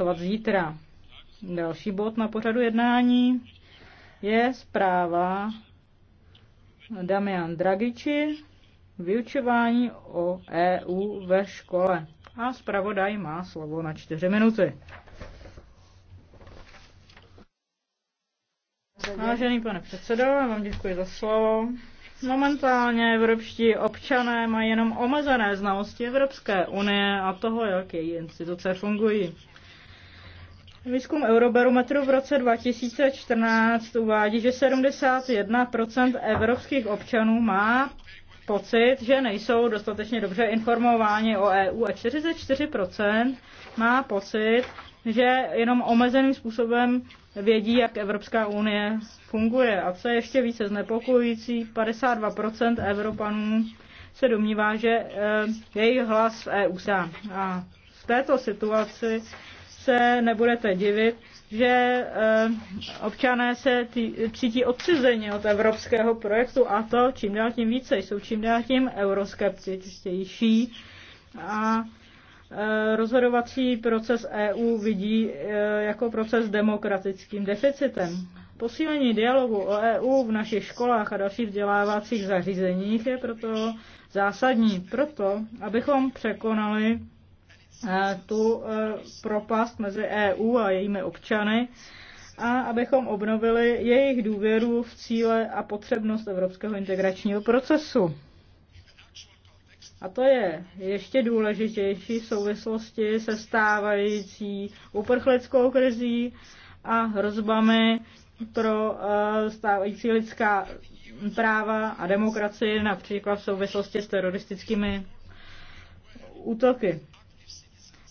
hlasovat zítra. Další bod na pořadu jednání je zpráva Damian Dragiči, vyučování o EU ve škole. A zpravodaj má slovo na čtyři minuty. Vážený pane předsedo, já vám děkuji za slovo. Momentálně evropští občané mají jenom omezené znalosti Evropské unie a toho, jak její instituce fungují. Výzkum Eurobarometru v roce 2014 uvádí, že 71% evropských občanů má pocit, že nejsou dostatečně dobře informováni o EU a 44% má pocit, že jenom omezeným způsobem vědí, jak Evropská unie funguje. A co je ještě více znepokojující, 52% Evropanů se domnívá, že eh, jejich hlas v EU sám. A v této situaci se nebudete divit, že eh, občané se tý, cítí odcizeně od evropského projektu a to čím dál tím více. Jsou čím dál tím euroskeptičtější a eh, rozhodovací proces EU vidí eh, jako proces demokratickým deficitem. Posílení dialogu o EU v našich školách a dalších vzdělávacích zařízeních je proto zásadní, proto abychom překonali tu e, propast mezi EU a jejími občany a abychom obnovili jejich důvěru v cíle a potřebnost evropského integračního procesu. A to je ještě důležitější v souvislosti se stávající uprchlickou krizí a hrozbami pro e, stávající lidská práva a demokracii, například v souvislosti s teroristickými útoky.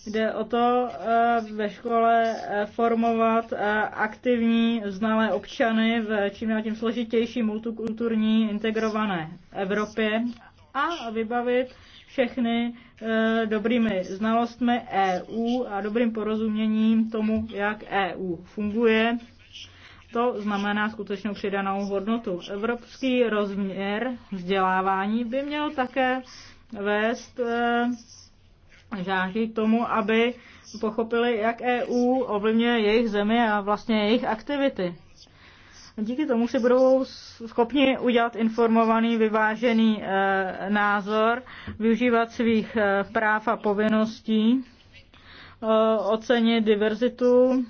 Jde o to eh, ve škole eh, formovat eh, aktivní znalé občany v čím dál tím složitější multikulturní integrované Evropě a vybavit všechny dobrými znalostmi EU a dobrým porozuměním tomu, jak EU funguje. To znamená skutečnou přidanou hodnotu. Evropský rozměr vzdělávání by měl také vést žáží k tomu, aby pochopili, jak EU ovlivňuje jejich zemi a vlastně jejich aktivity. Díky tomu si budou schopni udělat informovaný, vyvážený e, názor, využívat svých e, práv a povinností, e, ocenit diverzitu, e,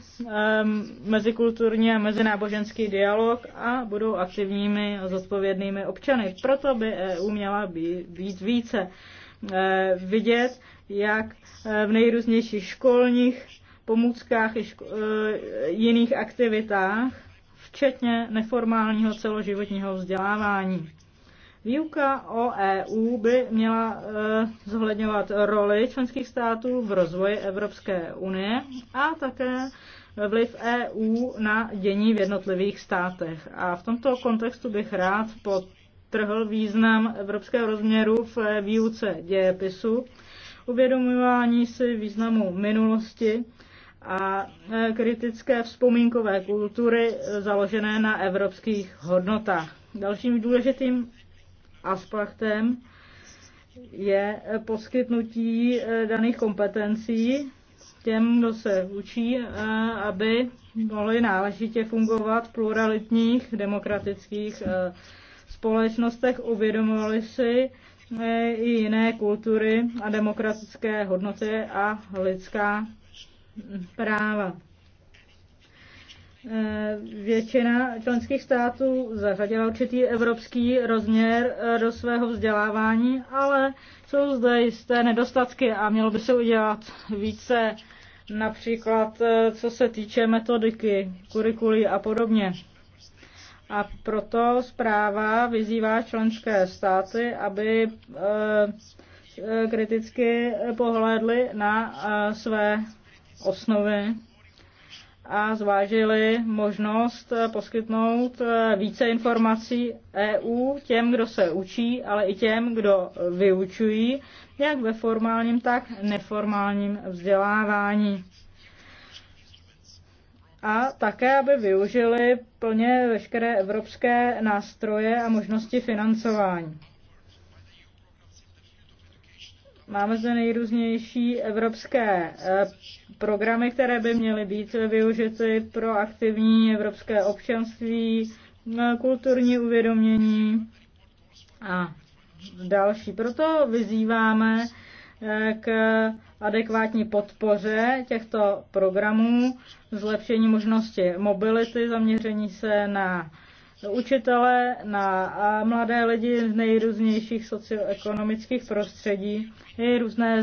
mezikulturní a mezináboženský dialog a budou aktivními a zodpovědnými občany. Proto by EU měla být, být více Eh, vidět, jak eh, v nejrůznějších školních pomůckách i ško- eh, jiných aktivitách, včetně neformálního celoživotního vzdělávání. Výuka o EU by měla zohledňovat roli členských států v rozvoji Evropské unie a také vliv EU na dění v jednotlivých státech. A v tomto kontextu bych rád pod podtrhl význam evropského rozměru v výuce dějepisu, uvědomování si významu minulosti a e, kritické vzpomínkové kultury založené na evropských hodnotách. Dalším důležitým aspektem je poskytnutí e, daných kompetencí těm, kdo se učí, e, aby mohli náležitě fungovat v pluralitních demokratických společnostech uvědomovali si eh, i jiné kultury a demokratické hodnoty a lidská práva. Eh, většina členských států zařadila určitý evropský rozměr eh, do svého vzdělávání, ale jsou zde jisté nedostatky a mělo by se udělat více, například co se týče metodiky, kurikuly a podobně. A proto zpráva vyzývá členské státy, aby eh, eh, kriticky pohlédli na eh, své osnovy a zvážili možnost poskytnout více informací EU těm, kdo se učí, ale i těm, kdo vyučují, jak ve formálním, tak neformálním vzdělávání a také, aby využili plně veškeré evropské nástroje a možnosti financování. Máme zde nejrůznější evropské eh, programy, které by měly být využity pro aktivní evropské občanství, eh, kulturní uvědomění a další. Proto vyzýváme k adekvátní podpoře těchto programů, zlepšení možnosti mobility, zaměření se na učitele, na mladé lidi z nejrůznějších socioekonomických prostředí i různé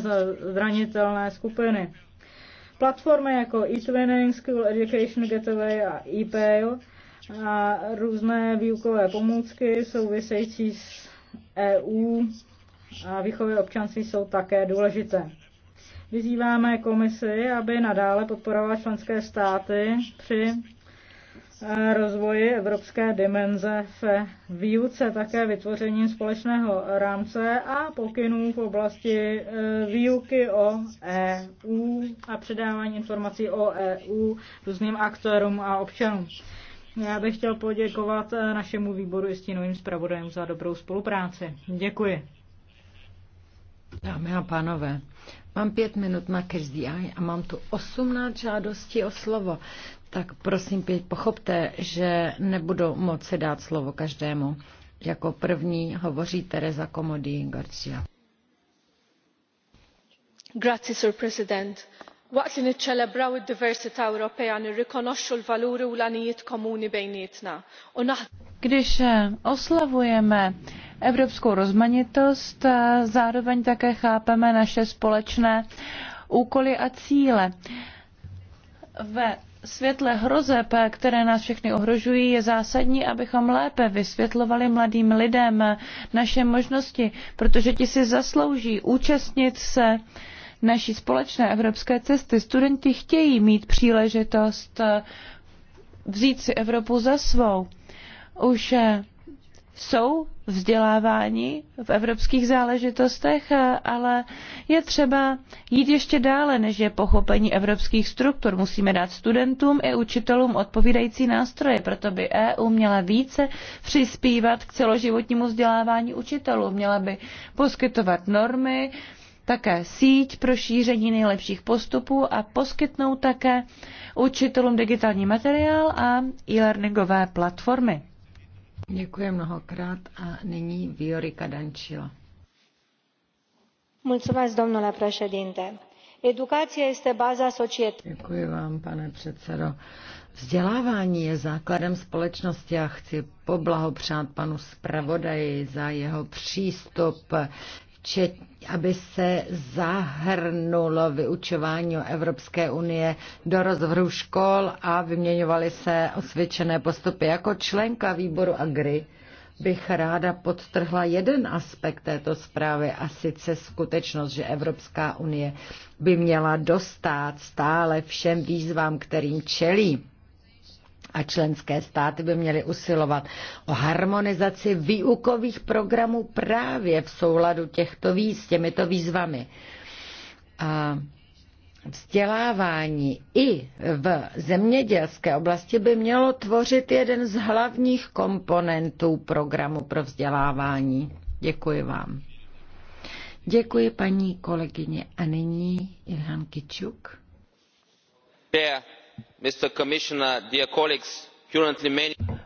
zranitelné skupiny. Platformy jako e School Education Getaway a e a různé výukové pomůcky související s EU a výchovy občanství jsou také důležité. Vyzýváme komisi, aby nadále podporovala členské státy při eh, rozvoji evropské dimenze v výuce, také vytvořením společného rámce a pokynů v oblasti eh, výuky o EU a předávání informací o EU různým aktérům a občanům. Já bych chtěl poděkovat eh, našemu výboru i stínovým zpravodajům za dobrou spolupráci. Děkuji. Dámy a pánové, mám pět minut na každý a mám tu osmnáct žádostí o slovo. Tak prosím, pět pochopte, že nebudu moci dát slovo každému. Jako první hovoří Teresa Komodí Garcia. Grazie, sir president waqt li niċċelebraw id-diversità Ewropea nirrikonoxxu l-valuri u l-għanijiet komuni bejnietna. Když eh, oslavujeme evropskou rozmanitost, eh, zároveň také chápeme naše společné úkoly a cíle. Ve světle hrozeb, eh, které nás všechny ohrožují, je zásadní, abychom lépe vysvětlovali mladým lidem naše možnosti, protože ti si zaslouží účastnit se uh, naší společné evropské cesty. Studenti chtějí mít příležitost eh, vzít si Evropu za svou. Už eh, jsou vzdělávání v evropských záležitostech, eh, ale je třeba jít ještě dále, než je pochopení evropských struktur. Musíme dát studentům i učitelům odpovídající nástroje, proto by EU měla více přispívat k celoživotnímu vzdělávání učitelů. Měla by poskytovat normy, také síť pro šíření nejlepších postupů a poskytnou také učitelům digitální materiál a e-learningové platformy. Děkuji mnohokrát a nyní Viorica Dančila. Mulțumesc, domnule președinte. Edukace je baza societății. Děkuji vám, pane předsedo. Vzdělávání je základem společnosti a chci poblahopřát panu zpravodaji za jeho přístup včet, aby se zahrnulo vyučování Evropské unie do rozvrhu škol a vyměňovaly se osvědčené postupy. Jako členka výboru Agri bych ráda podtrhla jeden aspekt této zprávy a sice skutečnost, že Evropská unie by měla dostat stále všem výzvám, kterým čelí a členské státy by měly usilovat o harmonizaci výukových programů právě v souladu těchto výz, těmito výzvami. A vzdělávání i v zemědělské oblasti by mělo tvořit jeden z hlavních komponentů programu pro vzdělávání. Děkuji vám. Děkuji paní kolegyně a nyní Ilhan Kičuk. Yeah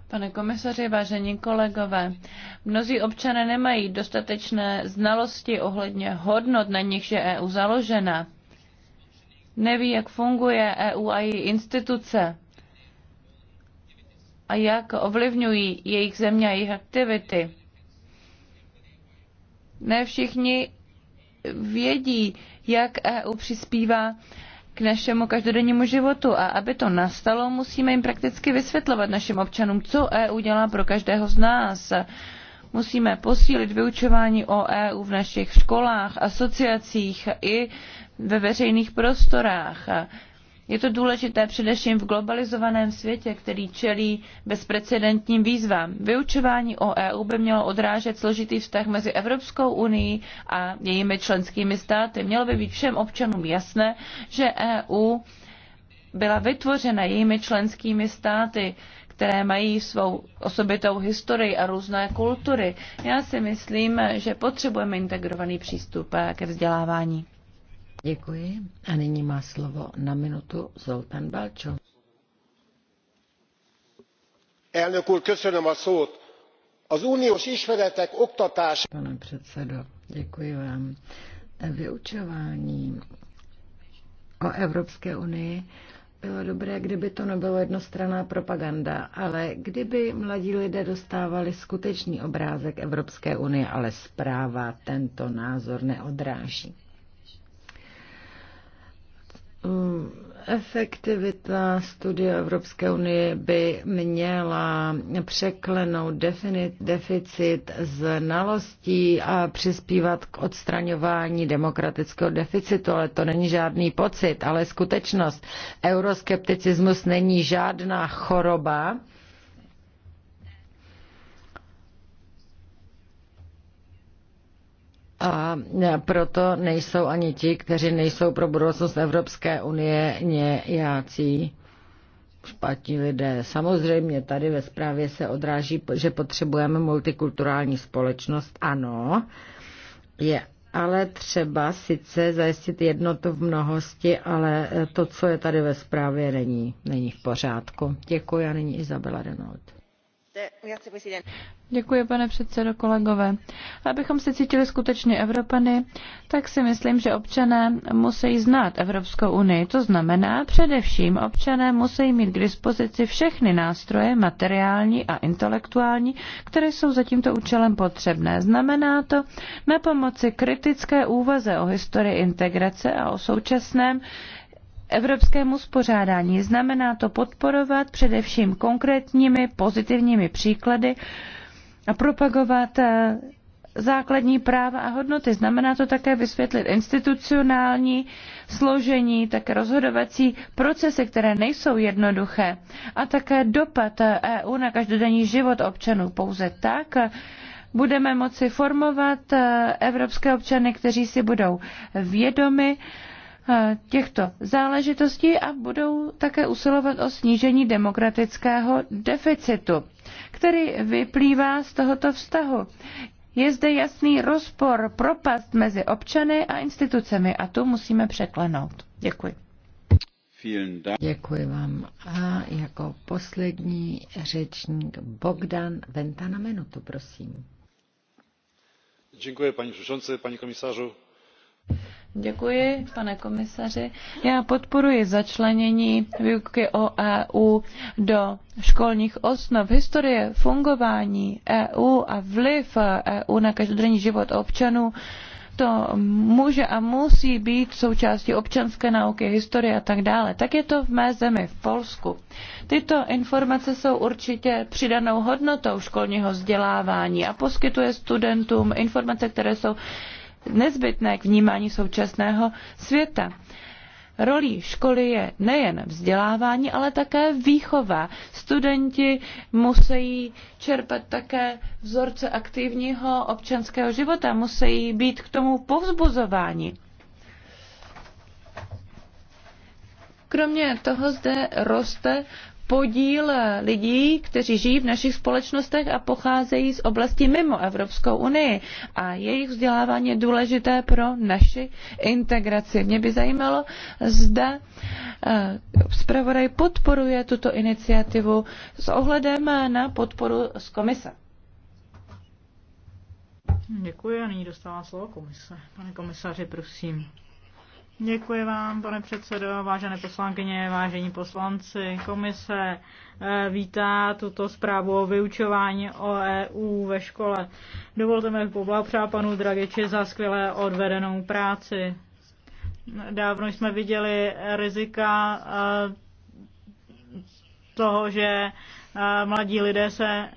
pane komisaři vážení kolegové mnozí občané nemají dostatečné znalosti ohledně hodnot na nichž je eu založena neví jak funguje eu a její instituce a jak ovlivňují jejich země a jejich aktivity. ne všichni vědí jak eu přispívá k našemu každodennímu životu a aby to nastalo, musíme jim prakticky vysvětlovat našim občanům, co EU dělá pro každého z nás. Musíme posílit vyučování o EU v našich školách, asociacích i ve veřejných prostorách je to důležité především v globalizovaném světě, který čelí bezprecedentním výzvám. Vyučování o EU by mělo odrážet složitý vztah mezi Evropskou unii a jejími členskými státy. Mělo by být všem občanům jasné, že EU byla vytvořena jejími členskými státy, které mají svou osobitou historii a různé kultury. Já si myslím, že potřebujeme integrovaný přístup ke vzdělávání. Děkuji a nyní má slovo na minutu Zoltán Balčo. Elnök úr, köszönöm a szót. Az uniós ismeretek oktatás... Pane předsedo, děkuji vám. Vyučování o Evropské unii bylo dobré, kdyby to nebylo jednostranná propaganda, ale kdyby mladí lidé dostávali skutečný obrázek Evropské unie, ale zpráva tento názor neodráží. Efektivita studie Evropské unie by měla překlenout definit, deficit znalostí a přispívat k odstraňování demokratického deficitu, ale to není žádný pocit, ale skutečnost. Euroskepticismus není žádná choroba, a proto nejsou ani ti, kteří nejsou pro budoucnost Evropské unie nějací špatní lidé. Samozřejmě tady ve zprávě se odráží, že potřebujeme multikulturální společnost, ano, je ale třeba sice zajistit jednotu v mnohosti, ale to, co je tady ve zprávě, není, není v pořádku. Děkuji a není Izabela Renault. Děkuji, pane předsedo, kolegové. Abychom se cítili skutečně Evropany, tak si myslím, že občané musí znát Evropskou unii. To znamená, především občané musí mít k dispozici všechny nástroje, materiální a intelektuální, které jsou za tímto účelem potřebné. Znamená to na pomoci kritické úvaze o historii integrace a o současném evropskému spořádání. Znamená to podporovat především konkrétními pozitivními příklady a propagovat eh, základní práva a hodnoty. Znamená to také vysvětlit institucionální složení, také rozhodovací procesy, které nejsou jednoduché a také dopad EU eh, e na každodenní život občanů. Pouze tak eh, budeme moci formovat evropské občany, kteří si budou vědomi E, těchto záležitostí a budou také usilovat o snížení demokratického deficitu, který vyplývá z tohoto vztahu. Je zde jasný rozpor, propast mezi občany a institucemi a tu musíme překlenout. Děkuji. Děkuji vám. A jako poslední řečník Bogdan Venta na minutu, prosím. Děkuji, paní předsedající, paní komisařu Děkuji, pane komisaři. Já podporuji začlenění výuky o EU do školních osnov. Historie fungování EU a vliv EU na každodenní život občanů to může a musí být součástí občanské nauky, historie a tak dále. Tak je to v mé zemi, v Polsku. Tyto informace jsou určitě přidanou hodnotou školního vzdělávání a poskytuje studentům informace, které jsou nezbytné k vnímání současného světa. Rolí školy je nejen vzdělávání, ale také výchova. Studenti musí čerpat také vzorce aktivního občanského života, musí být k tomu povzbuzováni. Kromě toho zde roste podíl lidí, kteří žijí v našich společnostech a pocházejí z oblastí mimo Evropskou unii. A jejich vzdělávání je důležité pro naši integraci. Mě by zajímalo, zda eh, zpravodaj podporuje tuto iniciativu s ohledem na podporu z komise. Děkuji a nyní dostává slovo komise. Pane komisaři, prosím. Děkuji vám, pane předsedo, vážené poslankyně, vážení poslanci. Komise eh, vítá tuto zprávu o vyučování o EU ve škole. Dovolte mi poblahopřát panu Dragiči za skvěle odvedenou práci. Dávno jsme viděli rizika eh, toho, že mladí lidé se e,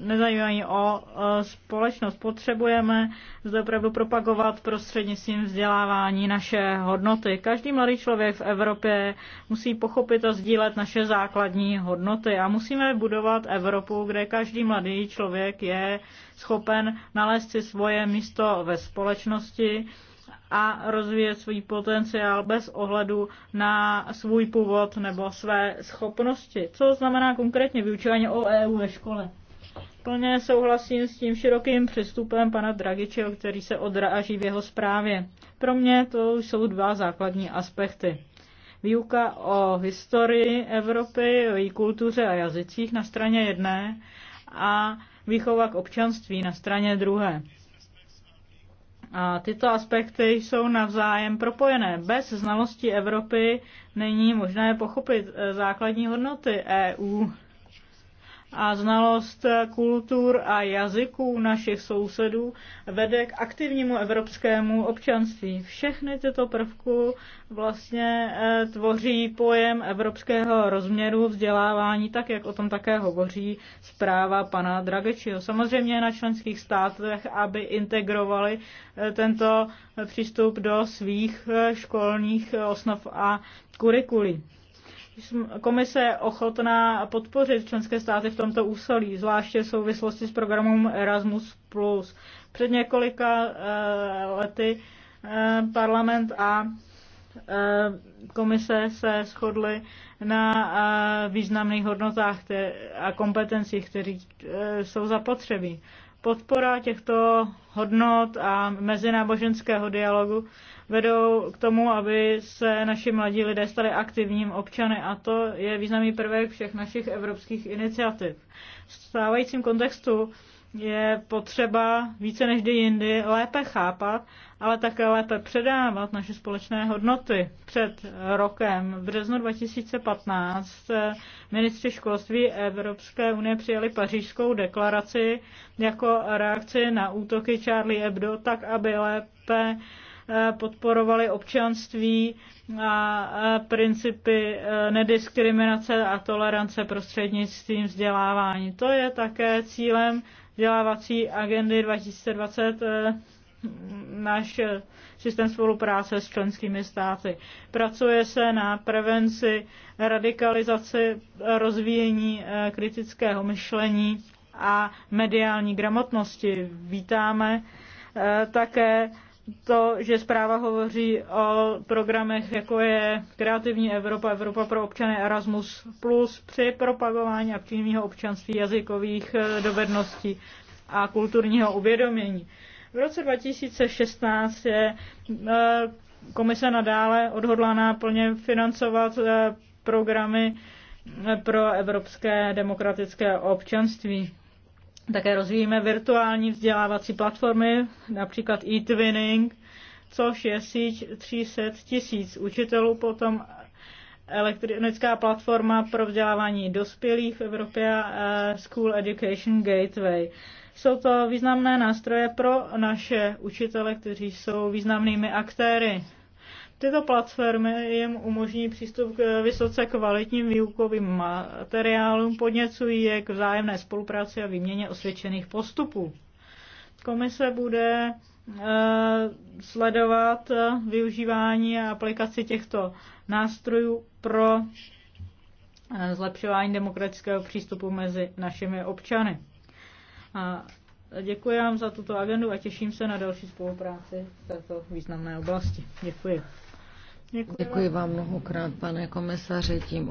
nezajímají o e, společnost. Potřebujeme zde opravdu propagovat prostřednictvím vzdělávání naše hodnoty. Každý mladý člověk v Evropě musí pochopit a sdílet naše základní hodnoty a musíme budovat Evropu, kde každý mladý člověk je schopen nalézt si svoje místo ve společnosti, a rozvíje svůj potenciál bez ohledu na svůj původ nebo své schopnosti. Co znamená konkrétně vyučování o EU ve škole? Plně souhlasím s tím širokým přístupem pana Dragičeho, který se odráží v jeho zprávě. Pro mě to jsou dva základní aspekty. Výuka o historii Evropy, o její kultuře a jazycích na straně jedné a výchova k občanství na straně druhé. A tyto aspekty jsou navzájem propojené. Bez znalosti Evropy není možné pochopit eh, základní hodnoty EU a znalost kultur a jazyků našich sousedů vede k aktivnímu evropskému občanství. Všechny tyto prvky vlastně eh, tvoří pojem evropského rozměru vzdělávání, tak jak o tom také hovoří zpráva pana Dragečiho. Samozřejmě na členských státech, aby integrovali eh, tento přístup do svých eh, školních osnov a kurikulí. Komise je ochotná podpořit členské státy v tomto úsilí, zvláště v souvislosti s programem Erasmus+. Před několika eh, lety eh, parlament a eh, komise se shodly na významných hodnotách a kompetencích, které jsou zapotřebí podpora těchto hodnot a mezináboženského dialogu vedou k tomu, aby se naši mladí lidé stali aktivním občany a to je významný prvek všech našich evropských iniciativ. V stávajícím kontextu je potřeba více než kdy jindy lépe chápat, ale také lépe předávat naše společné hodnoty. Před rokem, v březnu 2015, ministři školství Evropské unie přijali pařížskou deklaraci jako reakci na útoky Charlie Hebdo, tak aby lépe eh, podporovali občanství a eh, principy eh, nediskriminace a tolerance prostřednictvím vzdělávání. To je také cílem vzdělávací agendy 2020 eh, náš systém spolupráce s členskými státy. Pracuje se na prevenci, radikalizaci, rozvíjení eh, kritického myšlení a mediální gramotnosti. Vítáme eh, také to, že zpráva hovoří o programech, jako je Kreativní Evropa, Evropa pro občany Erasmus, plus při propagování aktivního občanství, jazykových eh, dovedností a kulturního uvědomění. V roce 2016 je eh, komise nadále odhodlaná plně financovat eh, programy pro evropské demokratické občanství. Také rozvíjíme virtuální vzdělávací platformy, například eTwinning, což je síť 300 tisíc učitelů, potom elektronická platforma pro vzdělávání dospělých v Evropě School Education Gateway. Jsou to významné nástroje pro naše učitele, kteří jsou významnými aktéry Tyto platformy jim umožní přístup k vysoce kvalitním výukovým materiálům, podněcují je k vzájemné spolupráci a výměně osvědčených postupů. Komise bude eh, sledovat eh, využívání a aplikaci těchto nástrojů pro eh, zlepšování demokratického přístupu mezi našimi občany. A děkuji vám za tuto agendu a těším se na další spolupráci v této významné oblasti. Děkuji. Děkuji, vám mnohokrát, pane komisaři, tím